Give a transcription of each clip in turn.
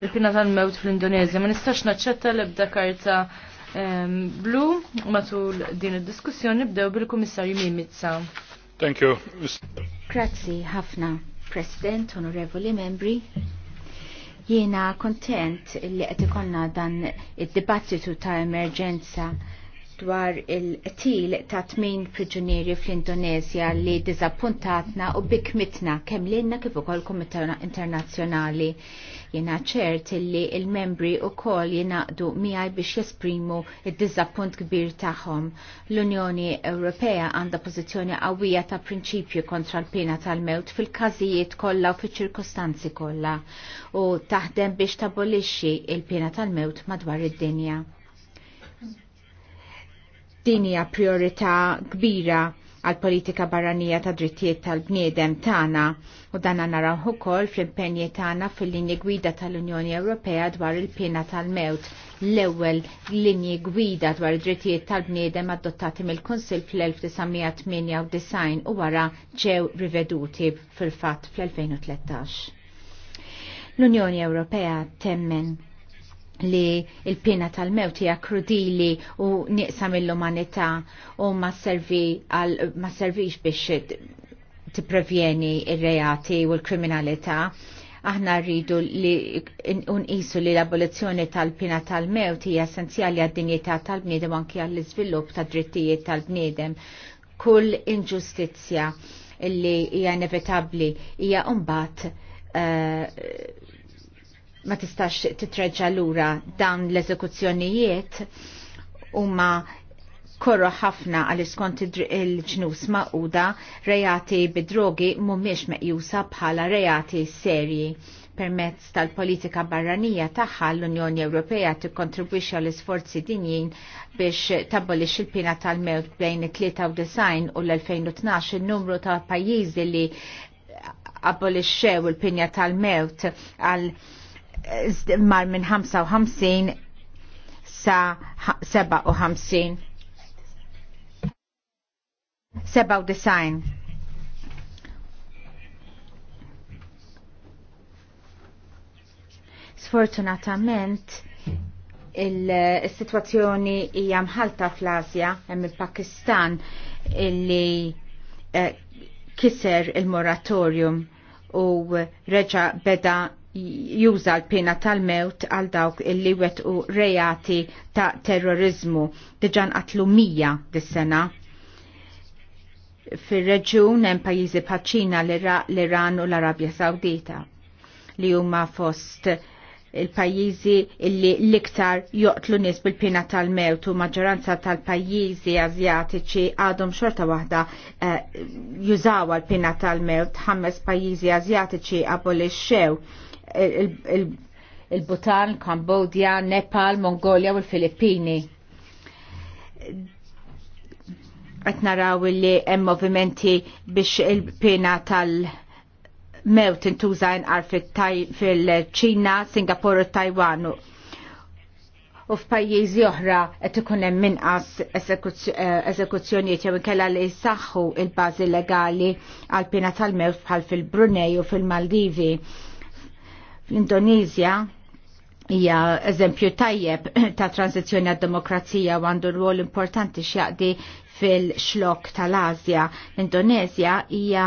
il-pina tal-mewt fl-Indonezja. Ma nistax naċċetta l-ebda karta blu matul din id-diskussjoni bdew bil-Kummissarju Mimizza. Thank you. Grazzi ħafna, President, Onorevoli Membri. Jiena kontent li qed dan id-dibattitu ta' emerġenza dwar il-til ta' tmin priġunieri fl indonezja li dizappuntatna u bikmitna kemm lilna kif ukoll Komitat Internazzjonali. Jena ċert li il-membri u koll jenaqdu miħaj biex jesprimu id-dizappunt kbir tagħhom. L-Unjoni Ewropea għanda pożizzjoni qawwija ta' prinċipju kontra l-pena tal-mewt fil-każijiet kollha u fiċ-ċirkostanzi kollha u taħdem biex tabolixxi il-pena tal-mewt madwar id-dinja Din hija priorità kbira għal politika barranija ta' drittijiet tal-bniedem tagħna u dan naraw ukoll fl-impenji tagħna fil-linji gwida tal-Unjoni Ewropea dwar il pina tal-mewt l-ewwel linji gwida dwar id-drittijiet tal-bniedem adottati mill-Kunsill fl-1998 u wara ġew riveduti fil-fatt fl-2013. L-Unjoni Ewropea temmen li il-pina tal-mewt hija krudili u nieqsa mill-umanità u ma servi għal ma servix biex tipprevjeni ir-reati u l-kriminalità. Aħna rridu li unqisu li l-abolizzjoni tal-pina tal-mewt hija essenzjali għad-dinjità tal-bniedem anki għall-iżvilupp ta' drittijiet tal-bniedem. Kull inġustizzja li hija inevitabbli hija mbagħad eh, ma tistax titreġġa lura dawn l-eżekuzzjonijiet huma korro ħafna għal skont il-ġnus maquda rejati bidrogi mumiex meqjusa bħala rejati serji. Permezz tal-politika barranija tagħha l-Unjoni Ewropea tikkontribwixxi għall isforzi dinjin biex tabbolix il-pina tal-mewt bejn it-93 u l-2012 il-numru ta' pajjiżi li abbolixxew il-pinja tal-mewt għal, -mewt għal mar minn 55 sa 57. design. Sfortunatament, il-situazzjoni hija mħalta fl-Asja, hemm il-Pakistan illi eh, kiser il-moratorium u reġa beda juża l-pena tal-mewt għal dawk illi wetqu rejati ta' terrorizmu diġan qatlu mija dis-sena. Fir-reġjun hemm pajjiżi paċina l-Iran u l-Arabja Sawdita li huma fost il-pajjiżi illi l-iktar joqtlu nies bil-pena tal-mewt u maġġoranza tal-pajjiżi Azjatiċi għadhom xorta waħda eh, jużawa l-pena tal-mewt ħames pajjiżi Azjatiċi abolixxew xew il-Bhutan, Kambodja, Nepal, Mongolia u l-Filippini. Qed naraw li hemm movimenti biex il-pena tal-mewt intuża inqar fil-Ċina, Singapore u Taiwan u f'pajjiżi oħra qed ikun hemm inqas eh, eżekuzzjonijiet jew inkella li jsaħħu il-bażi legali għal pina tal-mewt bħal fil-Brunei u fil-Maldivi Indonezja hija eżempju tajjeb ta' tranzizjoni għad demokrazija u għandu rwol importanti x'jaqdi fil-xlok tal-Azja. L-Indonezja hija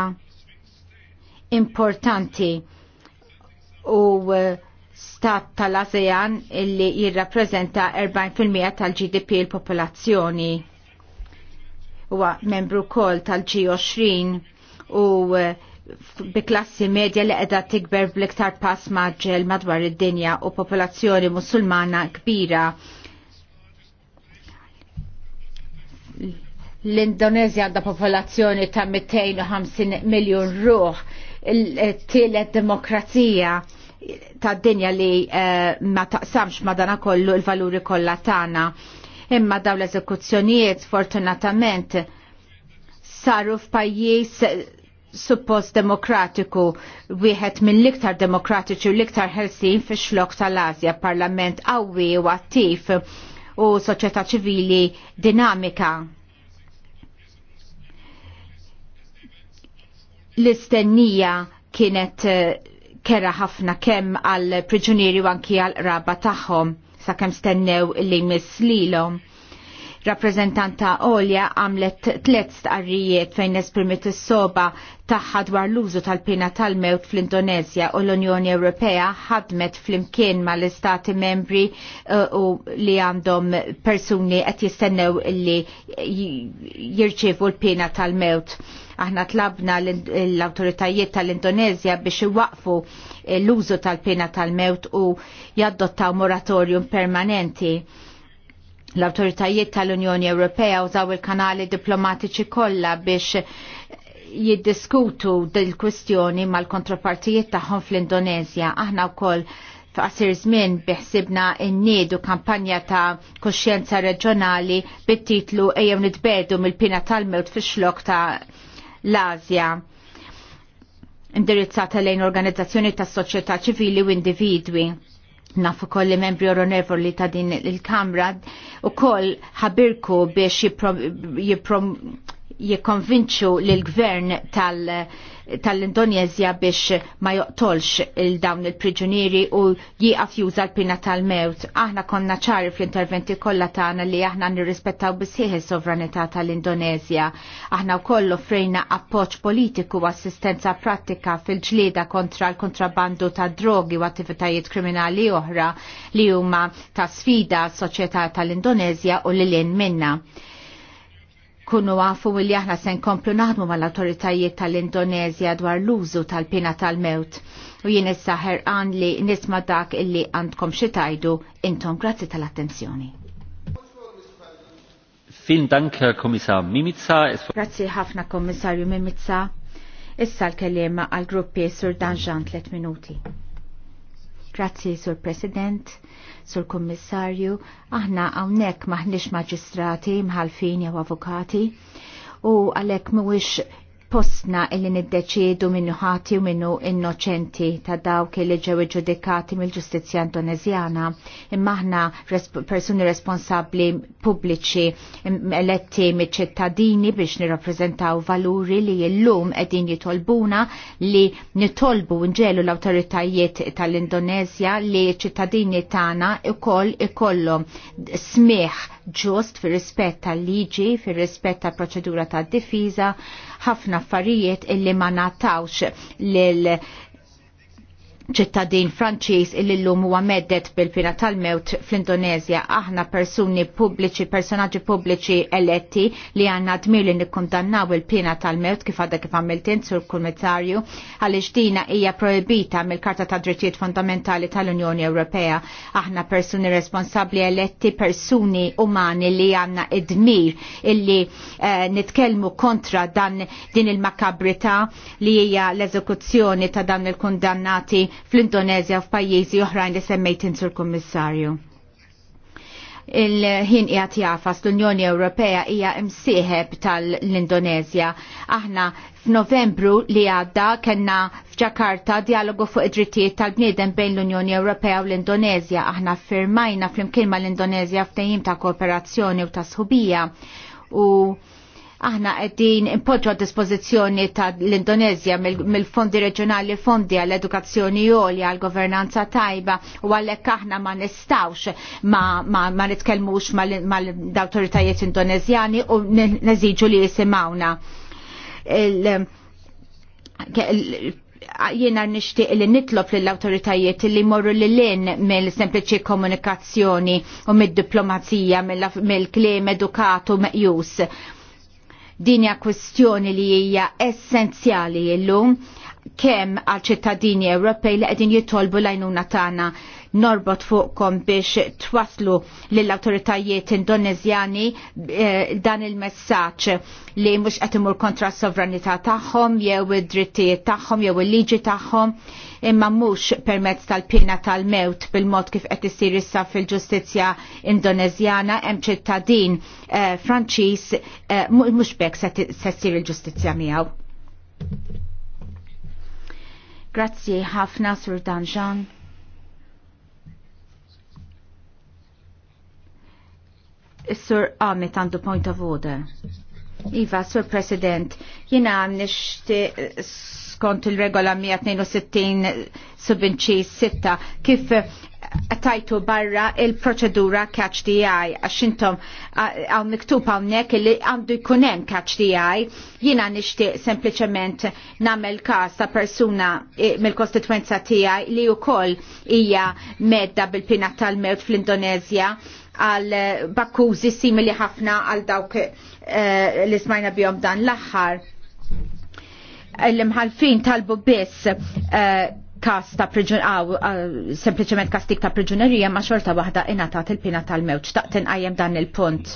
importanti u eh, stat tal-ASEAN illi jirrapprezenta 40% tal-GDP il popolazzjoni Huwa membru kol tal-G20 u eh, bi klassi medja li qiegħda tikber bl-iktar pass maġġel madwar id-dinja u popolazzjoni musulmana kbira. L-Indonezja għandha popolazzjoni ta' 250 miljun ruħ, il-tielet demokrazija ta' dinja li uh, ma taqsamx madana kollu il-valuri kollha tagħna. Imma daw l-eżekuzzjonijiet fortunatament saru f'pajjiż suppost demokratiku wieħed mill-iktar demokratiċi u l-iktar ħelsin fi xlok tal azja parlament qawwi u attiv u soċjetà ċivili dinamika. L-istennija kienet eh, kera ħafna kemm għal priġunieri u anki għal raba tagħhom sakemm stennew li mislilhom rappresentanta Olja għamlet tliet stqarrijiet fejn esprimet is-soba tagħha dwar l-użu tal pina tal-mewt fl-Indonezja u l-Unjoni Ewropea ħadmet flimkien mal-istati membri uh, u li għandhom persuni qed jistennew li jirċievu l pina tal-mewt aħna tlabna l-autoritajiet tal-Indonezja biex iwaqfu l-użu tal pina tal-mewt u jaddottaw moratorium permanenti L-autoritajiet tal-Unjoni Ewropea użaw il-kanali diplomatiċi kollha biex jiddiskutu dil-kwistjoni mal-kontropartijiet tagħhom fl-Indonezja. Aħna wkoll f'qasir żmien biħsibna nniedu kampanja ta' kuxjenza reġjonali bit-titlu ejjew nitbedu mill-pina tal-mewt fix-xlok ta' l-Asja indirizzata lejn organizzazzjoni tas soċjetà ċivili u individwi nafu koll li membri onorevoli ta' din il-Kamra u koll ħabirku biex jiprom jikkonvinċu l-gvern tal- tal-Indonezja biex ma joqtolx il-dawn il-priġunieri u jieqaf juża l-pina tal-mewt. Aħna konna ċari fl-interventi kollha tagħna li aħna nirrispettaw bisħieħ is-sovranità tal-Indonezja. Aħna wkoll offrejna appoġġ politiku u assistenza prattika fil-ġlieda kontra l-kontrabbandu ta' drogi u attivitajiet kriminali oħra li huma ta' sfida s soċjetà tal-Indonezja u lil minna kunu għafu li aħna sen komplu naħdmu mal-autoritajiet tal-Indonezja dwar l-użu tal-pina tal-mewt u jien issa ħerqan li nisma dak illi għandkom xitajdu intom grazzi tal-attenzjoni. Fin dank komissar Mimica. Grazzi ħafna komissarju Mimica. Issa l-kellim għal-gruppi Sur Danġan 3 minuti. Grazzi, Sur President, Sur Kommissarju, aħna għawnek maħnix maġistrati, mħalfin jew avukati, u għalek mwix postna illi niddeċiedu minnu ħati u minnu innoċenti ta' dawk li ġew ġudikati mill-ġustizzja indonezjana imma aħna resp persuni responsabbli pubbliċi eletti miċ-ċittadini biex nirrappreżentaw valuri li llum qegħdin jitolbuna li nitolbu nġelu l-awtoritajiet tal-Indonezja li ċittadini tagħna ikoll ikollhom smih ġust fir rispett tal-liġi, fir rispett tal-proċedura tad-difiża, ħafna affarijiet illi ma natawx lil ċittadin Franċiż illi l-lum huwa meddet bil-pina tal-mewt fl-Indonezja aħna persuni pubbliċi, personaġġi pubbliċi eletti li għandna dmir li nikkondannaw il-pina tal-mewt kif għadha kif għamiltin sur kummissarju għaliex dina hija proibita mill-Karta ta' Drittijiet Fundamentali tal-Unjoni Ewropea. Aħna persuni responsabbli eletti, persuni umani li għandna id-dmir illi eh, nitkellmu kontra dan din il-makabrità li hija l-eżekuzzjoni ta' dan il-kundannati fl-Indonezja u f'pajjiżi oħrajn li semmejt Sur kummissarju il-ħin qiegħed jafas l-Unjoni Ewropea hija imsieħeb tal-Indonezja. Aħna f'Novembru li għadda kellna f'Ġakarta dialogu fuq id-drittijiet tal-bniedem bejn l-Unjoni Ewropea u l-Indonezja. Aħna firmajna flimkien mal-Indonezja f'tejjim ta' kooperazzjoni u ta' sħubija u Aħna qegħdin impoġġu għad dispożizzjoni ta' l-Indonezja mill-fondi reġjonali fondi għall-edukazzjoni għolja għall-governanza tajba u għalhekk aħna ma nistawx ma nitkellmux mal-awtoritajiet Indonezjani u neżiġu li jisimawna jiena nishtiq li nitlob lill autoritajiet li morru li lin mill sempliċi komunikazzjoni u mid-diplomazija mill-kliem edukatu meqjus Dinja kwestjoni li hija essenzjali illum kemm għal ċittadini Ewropej li qegħdin jitolbu l-għajnuna tagħna norbot fuqkom biex twaslu lill awtoritajiet indonezjani eh, dan il-messaġġ li mhux qed imur kontra sovranità tagħhom jew id-drittijiet tagħhom jew il-liġi tagħhom imma mhux permezz tal-pina tal-mewt bil-mod kif qed isir issa fil-ġustizzja indonezjana hemm ċittadin eh, Franċiż eh, mhux bekk se ssir il-ġustizzja miegħu. Grazie ħafna Sur Danjan. Sur Amit għandu point of order. Iva, Sur President, jina nishti skont il-regola 162 subinċi 6 kif tajtu barra il-proċedura catch the għax intom għaw miktub għawnek li għandu jkunem catch jina nishti sempliciment namel kas ta' persuna e, mill-kostituenza tijaj li u koll ija medda bil-pina tal-mewt fl-Indonezja għal bakkużi simili ħafna għal dawk e, li smajna bjom dan l-axħar. L-imħalfin talbu biss e, kas ta' prigjonerija, sempliciment kastik ta' prigjonerija ma' xorta waħda ta' il-pina tal-mewċ, ten għajem dan il-punt.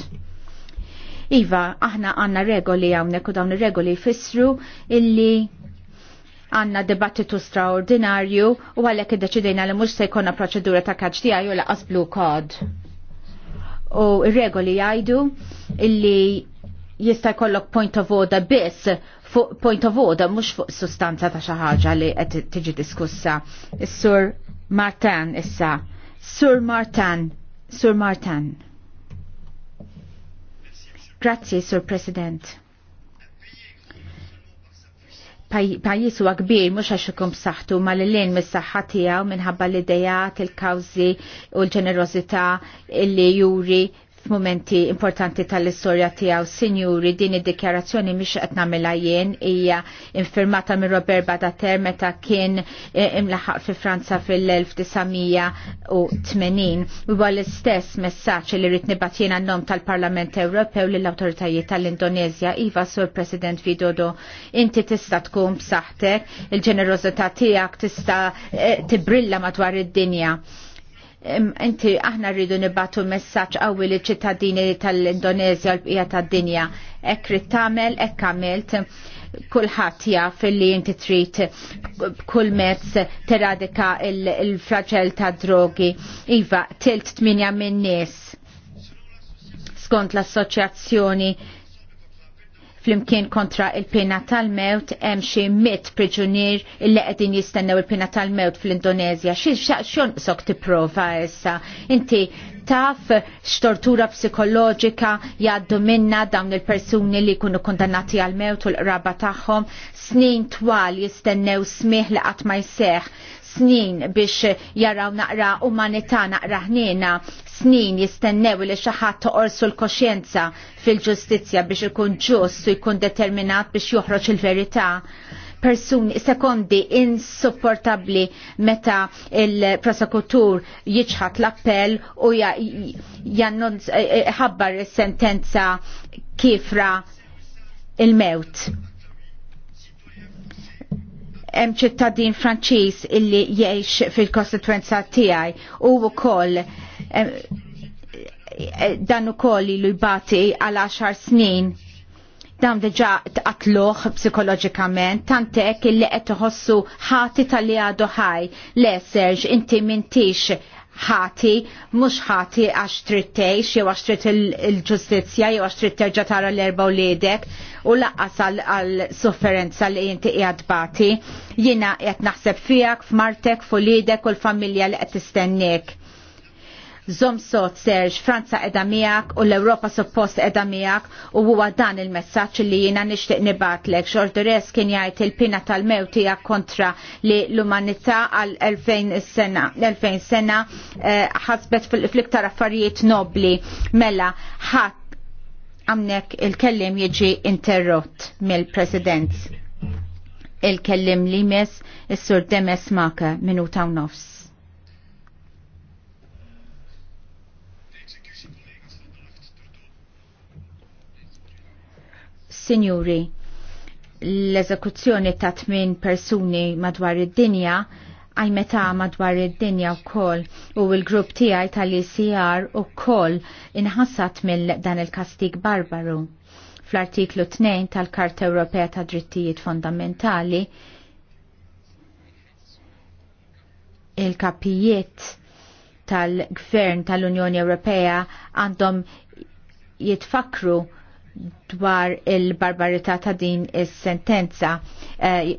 Iva, aħna għanna regoli għawnek u dawn regoli fissru illi għanna dibattitu straordinarju u għalek id deċidina li mux se jkonna proċedura ta' kaċ tijaj u laqas blue card. U regoli għajdu illi jista' jkollok point of order biss fuq point of order mhux fuq sustanza ta' xi ħaġa li qed tiġi diskussa. Is-Sur Martin issa. Sur Martin, Sur Martin. Grazzi, Sur President. Pajjiż huwa kbir mhux għax ikun b'saħħtu ma lilin mis-saħħa tiegħu minħabba l-idejat, il-kawżi u l-ġenerożità illi juri f'momenti importanti tal-istorja tiegħu. Sinjuri, din id-dikjarazzjoni mhix qed nagħmilha jien hija infirmata minn Robert Badater meta kien eh, imlaħaq fi Franza fil-1980. Huwa l-istess messaġġ li rrid nibgħat jien għan-nom tal-Parlament Ewropew lill-awtoritajiet tal-Indonezja iva sur President Vidodo. Inti tista' tkun b'saħħtek, il-ġenerożità tiegħek tista' eh, tibrilla madwar id-dinja inti aħna rridu nibatu messaċ għawi li ċittadini tal-Indonezja l bqija tad-dinja. Ekrit tamel, ek kamilt, kullħat jaf li inti trid kull mezz teradika il-fraġel ta' drogi. Iva, tilt tminja minn nies skont l-assoċjazzjoni flimkien kontra il-pena tal-mewt hemm xi mit priġunier illi qegħdin jistennew il-pena tal-mewt fl-Indonezja. X'jon sok tipprova issa? Inti taf x'tortura psikoloġika jgħaddu minna dawn il-persuni li jkunu kondannati għal-mewt u l-qraba tagħhom snin twal jistennew smih li qatt ma jseħħ snin biex jaraw naqra umanità naqra ħnina snin jistennew li xi ħadd toqorsu l-koxjenza fil-ġustizzja biex ikun ġust u jkun determinat biex joħroġ il-verità persuni sekondi insopportabli meta il-prosekutur jiċħat l-appell u jħabbar eh, eh, il-sentenza kifra il-mewt. Hemm ċittadin Franċiż illi jgħix fil-kostituenza tiegħi u wkoll Eh, dan ukoll ilu jbati għal 10 snin dan deġa tqatluħ psikoloġikament, tantek illi qed iħossu ħati tal-li għadu ħaj. Le, Serġ, inti mintix ħati, mhux ħati għax trittejx, jew għax tritt il ġustizzja jew għax tritt terġa tara l-erba u l-edek, u laqqas għal-sofferenza li inti qiegħed bati. Jiena qed naħseb fijak, f'martek, fu l-edek u l-familja li qed tistennek Zomsot sot serġ, Franza edha miegħek u l-Ewropa suppost edha miegħek u huwa dan il-messaġġ li jiena nixtieq nibatlek. Xordures kien jgħid il-pina tal mewti kontra li l-umanità għal 2000 sena, 2000 sena eh, ħasbet fl-iktar affarijiet nobli mela ħat għamnek il-kellim jieġi interrott mill-President. Il-kellim li mis is-sur Demes Maka minuta u nofs. Sinjuri, l-eżekuzzjoni ta' tmien persuni madwar id-dinja għaj meta madwar id-dinja u koll u il-grupp tijaj tal-ICR u koll inħassat mill dan il-kastik barbaru. Fl-artiklu 2 tal-Karta Ewropea ta' Drittijiet Fondamentali il-kapijiet tal-gvern tal-Unjoni Ewropea għandhom jitfakru dwar il-barbarità ta' din is-sentenza eh,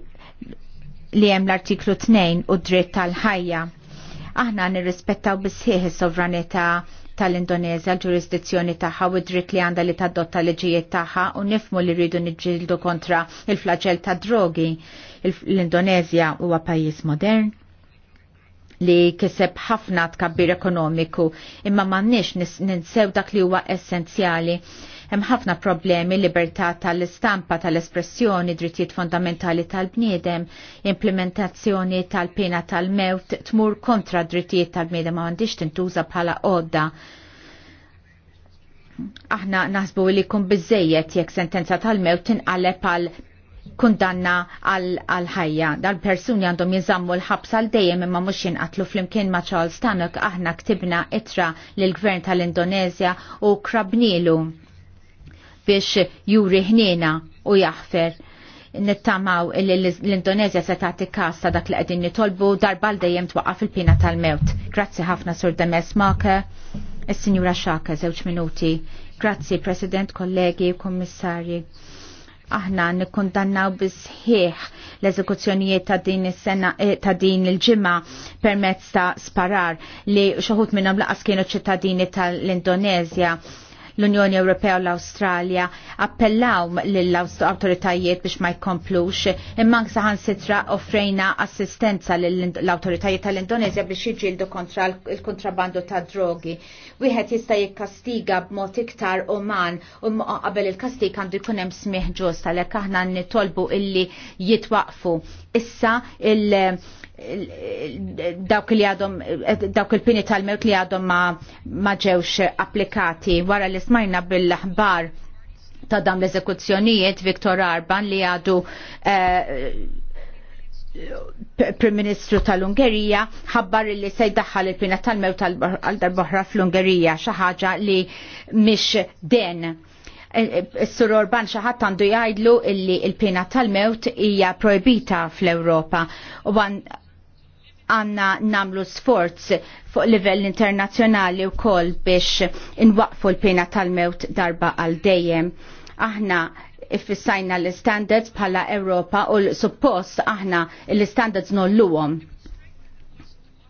li hemm l-artiklu 2 u dritt tal-ħajja. Aħna nirrispettaw bisħieħ is-sovranità tal-Indonezja l-ġurisdizzjoni tagħha u dritt li għandha li tadotta liġijiet tagħha u nifmu li rridu niġġieldu kontra il-flagell ta' drogi. L-Indonezja huwa pajjiż modern li kiseb ħafna tkabbir ekonomiku imma m'għandniex ninsew dak li huwa essenzjali Hemm ħafna problemi libertà tal-istampa tal-espressjoni, drittijiet fondamentali tal-bniedem, implementazzjoni tal-pena tal-mewt tmur kontra drittijiet tal-bniedem ma għandix tintuża bħala qodda. aħna naħsbu li kun biżejjed jekk sentenza tal-mewt tinqaleb għal kundanna għal ħajja. Dal-persuni għandhom jizammu l-ħabs għal dejjem imma mhux jinqatlu flimkien ma' Charles Tannock aħna ktibna itra lill gvern tal-Indonezja u krabnilu biex juri ħnina u jaħfer nittamaw l-Indonezja se tagħti każ ta' dak li qegħdin nitolbu darba l dejjem twaqqaf il-pina tal-mewt. Grazzi ħafna Sur Demes Maka, is-Sinjura Xaka, żewġ minuti. Grazzi President, kollegi, kummissarji. Aħna nikkundannaw bisħieħ l-eżekuzzjonijiet ta' din is-sena eh, ta' din il-ġimgħa permezz ta' sparar li xoħut minnhom laqas kienu ċittadini tal-Indonezja l-Unjoni Ewropea u l-Awstralja appellaw lill-awtoritajiet biex ma jkomplux imma saħan sitra offrejna assistenza lill-awtoritajiet tal-Indonezja biex jiġildu kontra l-kontrabandu ta' drogi. Wieħed jista' jikkastiga b'mod iktar uman u qabel il-kastig għandu jkun hemm smieħ ġost għalhekk aħna nitolbu illi jitwaqfu. Issa il- dawk li għadhom dawk il-pini tal-mewt li għadhom ma ġewx applikati wara li smajna bil-aħbar ta' dam l-eżekuzzjonijiet Viktor Arban li għadu eh, Prim Ministru tal-Ungerija ħabbar li se jdaħħal il-pina tal-mewt għal-darbohra fl-Ungerija xi ħaġa li mhix den. Sur Orban xaħat għandu jgħidlu illi il-pina tal-mewt hija projbita fl-Ewropa għanna namlu sforz fuq livell internazzjonali u kol biex inwaqfu l-pena tal-mewt darba għal dejjem. Aħna ifissajna l-standards bħala Ewropa u l-suppost aħna l-standards nolluwom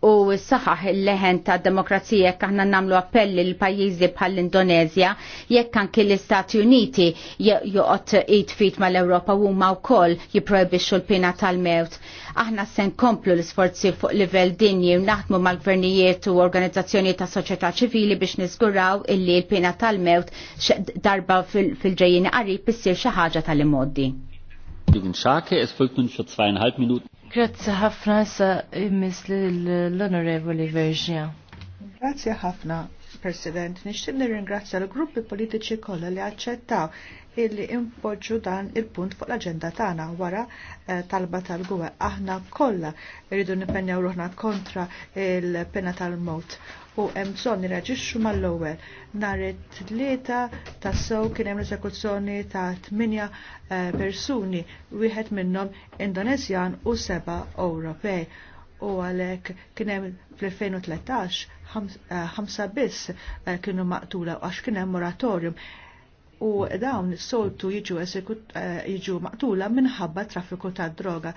u s-saħaħ il-leħen ta' demokrazija jekk aħna namlu appelli l pajjiżi bħal indonezja jekk anki l-Istati Uniti joqgħod id fit mal-Ewropa u ma wkoll jipprojbixxu l-pina tal-mewt. Aħna se nkomplu l-isforzi fuq livell dinji u naħdmu mal-gvernijiet u organizzazzjoni ta' soċjetà ċivili biex niżguraw illi l-pena tal-mewt darba fil-ġejjin qarib issir xi ħaġa tal-immoddi. Grazzi ħafna sa immis l-Onorevoli Verġja. Grazzi ħafna, President. Nixtieq nirringrazzja l-gruppi politiċi kollha li aċċettaw illi impoġġu dan il-punt fuq l-aġenda tagħna wara eh, talba tal-gwe. Aħna kollha rridu nipennew ruħna kontra il-pena tal-mot u hemm bżonn nirreġixxu mal-ewwel. Nhar it-tlieta tas-sew kien hemm l-eżekuzzjoni ta' tminja eh, persuni, wieħed minnhom Indonezjan u seba' Ewropej u għalek hemm fl-2013 eh, ħamsa biss kienu maqtula għax kien hemm moratorium u dawn soltu jiġu eh, jiġu maqtula minħabba traffiku ta' droga.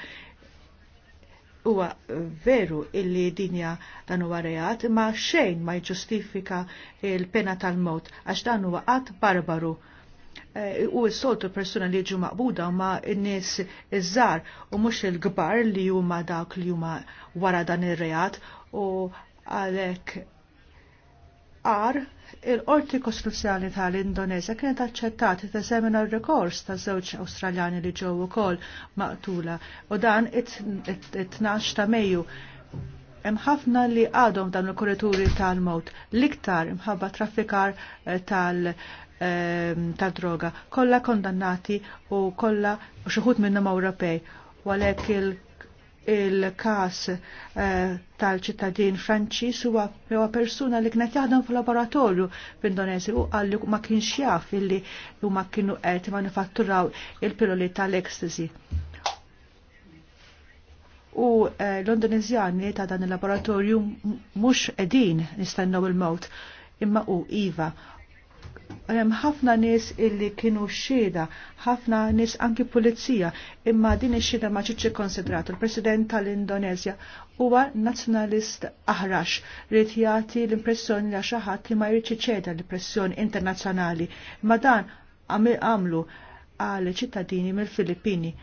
Huwa eh, veru illi dinja dan huwa reat, imma xejn ma jġustifika il-pena tal mod għax dan huwa qatt barbaru eh, u s-soltu persuna li ġu maqbuda ma n-nis iż-żar u mux il-gbar li huma dawk li huma wara dan ir-reat u għalek għar il-qorti kostituzzjali tal-Indonezja kienet aċċettat teżemina r-rekors ta' żewġ Awstraljani li ġew ukoll maqtula u dan it-12 ta' Mejju. Hemm ħafna li għadhom dan il-kurituri tal-mowt l-iktar imħabba traffikar eh, tal- ehm, tal-droga, kollha kondannati u kollha xuħut minnum minnhom Ewropej. Walek il- il-kas uh, tal-ċittadin Franċis huwa persuna li kienet jaħdem fil-laboratorju f'Indonesi u għalli ma kienx jaf illi huma kienu qed manifatturaw il-piloli tal-ecstasy. U uh, l-Indonezjani ta' dan il-laboratorju mhux qegħdin nistennew il-mewt imma u iva hemm ħafna nies illi kienu xieda, ħafna nies anki pulizija, imma din ix-xieda ma ġietx konsidrat. Il-President tal-Indonezja huwa nazzjonalist aħrax li jagħti l-impressjoni li xi ħadd li ma jrid ċeda l-pressjoni internazzjonali. Ma dan għamlu għal ċittadini mill-Filippini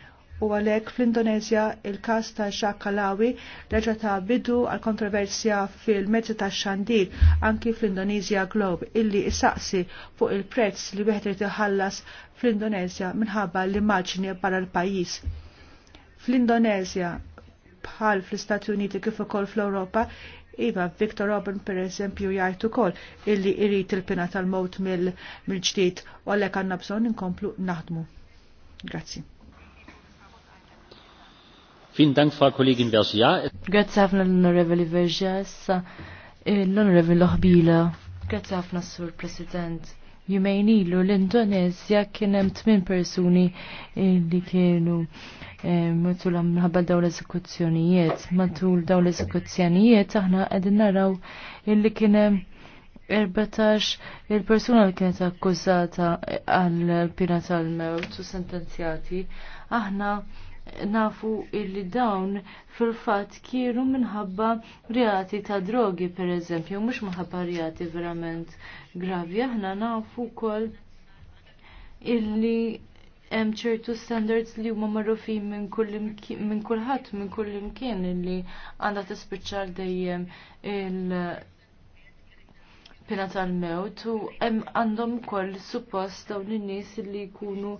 u għalek fl-Indonezja il-kas ta' Xakalawi reġa ta' bidu għal kontroversja fil-mezzi ta' xandir anki fl-Indonezja Globe illi isaqsi fuq il-prezz li wieħed irid iħallas fl-Indonezja minħabba l-immaġni barra l-pajjiż. Fl-Indonezja bħal fl-Istati Uniti kif ukoll fl-Ewropa Iva, Viktor Robin per eżempju jgħid ukoll illi irrit il-pina tal mot mill-ġdid u għalhekk għandna bżonn inkomplu naħdmu. Grazzi. Vielen Dank, Frau Kollegin Versia. Grazie ħafna l-Onorevoli Vergia, eh, l-Onorevoli Lohbila. Grazie ħafna, Sur President. Jumejn ilu l-Indonezja kien hemm tmien persuni eh, li kienu eh, matul minħabba dawn l-eżekuzzjonijiet. Matul dawn l-eżekuzzjonijiet aħna qegħdin naraw illi kien hemm 14 il-persuna li kienet akkużata għal pina tal-mewt u sentenzjati aħna nafu illi dawn fil-fat kienu minħabba reati ta' drogi per eżempju, mux minħabba reati verament gravi. Aħna nafu kol illi hemm ċertu standards li huma magħrufin minn kulħadd minn kull imkien għandha tispiċċa dejjem il pina tal-mewt u hemm għandhom ukoll suppost dawn in-nies li jkunu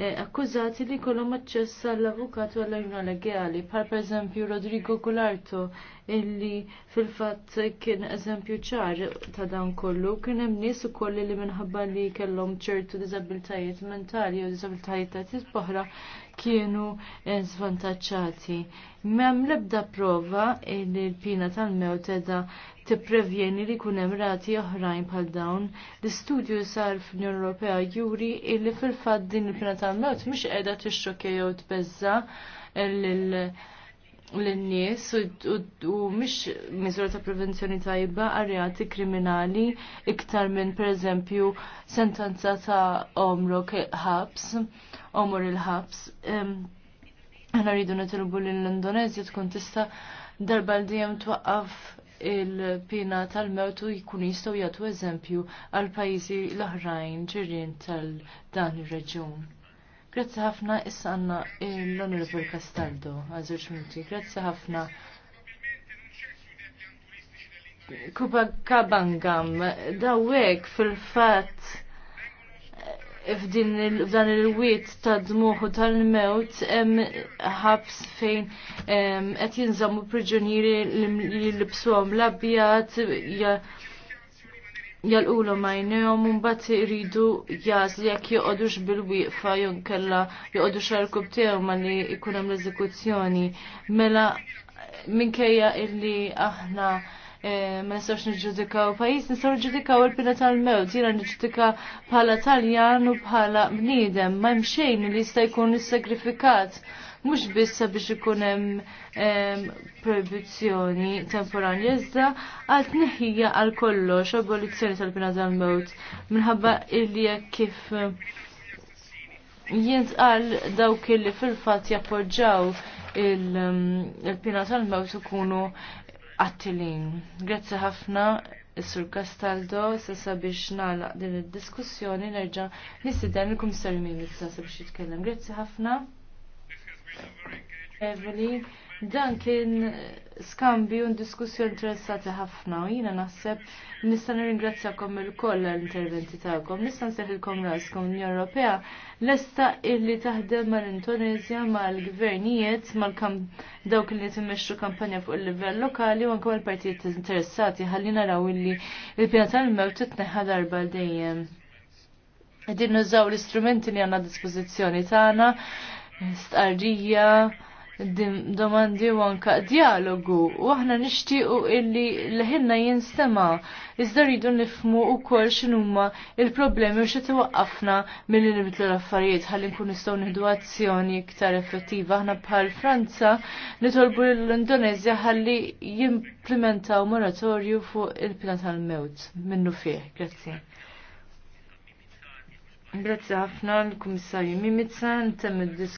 Eh, akkużati li kolom aċċess għall-avukat u għall-ajuna legali, bħal pereżempju Rodrigo Gularto, illi fil-fatt kien eżempju ċar ta' dan kollu. Kien hemm nies ukoll li minħabba li kellhom ċertu diżabiltajiet mentali u diżabiltajiet ta' tis oħra kienu svantaġġati. Eh, Mem lebda prova li l-pina tal-mewt edha tipprevjeni li kunem rati oħrajn bħal dawn. L-istudju sar fl-Unjoni Ewropea juri illi fil-fat din il-pina tal-mewt mhux qiegħda tixxokkja jew tbeżza l l-nies u mish miżura ta' prevenzjoni tajba għarjati kriminali iktar minn per eżempju sentenza ta' omrok ħabs, omor il-ħabs. Għana rridu netilbu l-Indonezja tkun tista' darba l-dijem twaqqaf il-pina tal mewtu jkun jistgħu jagħtu eżempju għal pajjiżi l-oħrajn ġirien tal-dan ir-reġjun. Grazzi ħafna issa għanna l-Onorevole Castaldo, għazurġ minuti. Grazzi ħafna. Kuba kabangam, dawek fil-fat f'dan il-wit ta' dmuħu tal-mewt ħabs fejn qed jinżammu priġunieri li libsuhom l-abjad jalqulu majnejhom u mbagħad iridu li jekk joqogħdux bil-wieqfa jew kella joqogħdux għal tiegħu ma li jkun hemm l-eżekuzzjoni. Mela minkejja illi aħna Eh, ma nistawx nġudikaw pajis, nistaw nġudikaw il-pina tal-mewt, jina nġudika bħala taljan u bħala bnidem, ma mxejn li jista' jkun sagrifikat mux bissa biex ikun hemm proibizzjoni temporanja iżda għal tneħħija għal kollox abolizzjoni tal-pina tal-mewt minħabba illi kif eh, jintqal dawk illi fil-fatt jappoġġaw il-pina tal-mewt ikunu Attilin. Grazzi ħafna Is-Sur Castaldo sessa biex nala din id-diskussjoni nerġa' nisidan il-Kummissarju Mimik sa biex jitkellem. Grazzi ħafna. Evelyn. Dan kien skambju un diskussjon interessati ħafna u jina naħseb nista' nirringrazzjakom il-koll l-interventi tagħkom. Nista' nseħilkom raskom l-Unjoni Ewropea lesta illi taħdem mal indonezja mal-gvernijiet mal-kam dawk li timmexxu kampanja fuq il-livell lokali u anke mal-partijiet interessati ħalli naraw illi il-pjana tal-mewt titneħħa darba dejjem. Qegħdin nużaw l-istrumenti li għandna dispożizzjoni tagħna, stqarrija, domandi u anka dialogu u aħna nixtiequ illi l-ħinna jinstema iżda rridu nifmu u kol xinumma il-problemi u xet waqqafna mill-li nibitlu l-affarijiet ħalli nkun nistgħu nieħdu azzjoni iktar effettiva aħna bħal Franza nitolbu l-Indonezja ħalli jimplementaw moratorju fuq il-pina tal-mewt minnu fih. Grazzi. Grazzi ħafna l-Kummissarju Mimica, ntemm